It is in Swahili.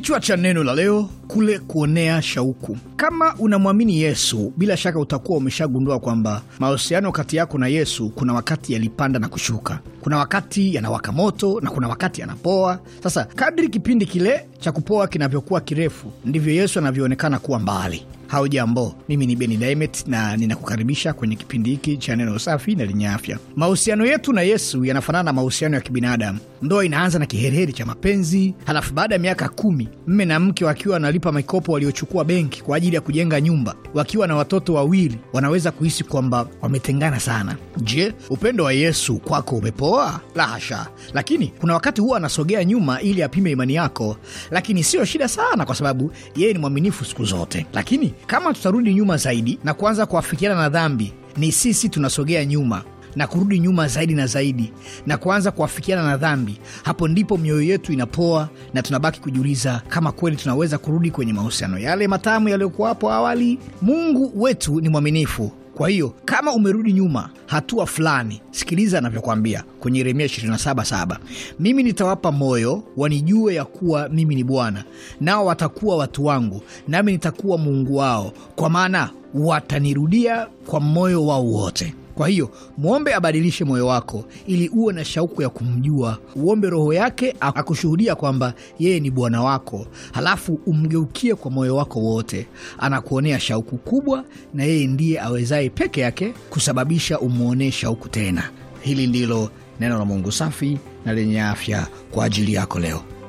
Kichwa cha neno la leo, kule kuonea shauku. Kama unamwamini Yesu, bila shaka utakuwa umeshagundua kwamba mahusiano kati yako na Yesu kuna wakati yalipanda na kushuka, kuna wakati yanawaka moto na kuna wakati yanapoa. Sasa kadri kipindi kile cha kupoa kinavyokuwa kirefu, ndivyo Yesu anavyoonekana kuwa mbali. jambo mimi ni Beni dimet na ninakukaribisha kwenye kipindi hiki cha neno safi na lenye afya. Mahusiano yetu na Yesu yanafanana na mahusiano ya kibinadamu. Ndoa inaanza na kiheriheri cha mapenzi, halafu baada ya miaka kumi, mme na mke wakiwa wanalipa mikopo waliochukua benki kwa ajili ajili ya kujenga nyumba, wakiwa na watoto wawili, wanaweza kuhisi kwamba wametengana sana. Je, upendo wa Yesu kwako umepoa? La hasha, lakini kuna wakati huwa anasogea nyuma ili apime imani yako, lakini siyo shida sana, kwa sababu yeye ni mwaminifu siku zote. Lakini kama tutarudi nyuma zaidi na kuanza kuafikiana na dhambi, ni sisi tunasogea nyuma na kurudi nyuma zaidi na zaidi na kuanza kuafikiana na dhambi, hapo ndipo mioyo yetu inapoa na tunabaki kujiuliza kama kweli tunaweza kurudi kwenye mahusiano yale matamu yaliyokuwa hapo awali. Mungu wetu ni mwaminifu. Kwa hiyo kama umerudi nyuma hatua fulani, sikiliza anavyokwambia kwenye Yeremia 27:7, mimi nitawapa moyo wanijue ya kuwa mimi ni Bwana, nao watakuwa watu wangu, nami nitakuwa Mungu wao, kwa maana watanirudia kwa moyo wao wote. Kwa hiyo mwombe abadilishe moyo wako ili uwe na shauku ya kumjua, uombe roho yake akushuhudia kwamba yeye ni Bwana wako, halafu umgeukie kwa moyo wako wote. Anakuonea shauku kubwa, na yeye ndiye awezaye peke yake kusababisha umwonee shauku tena. Hili ndilo neno la Mungu safi na lenye afya kwa ajili yako leo.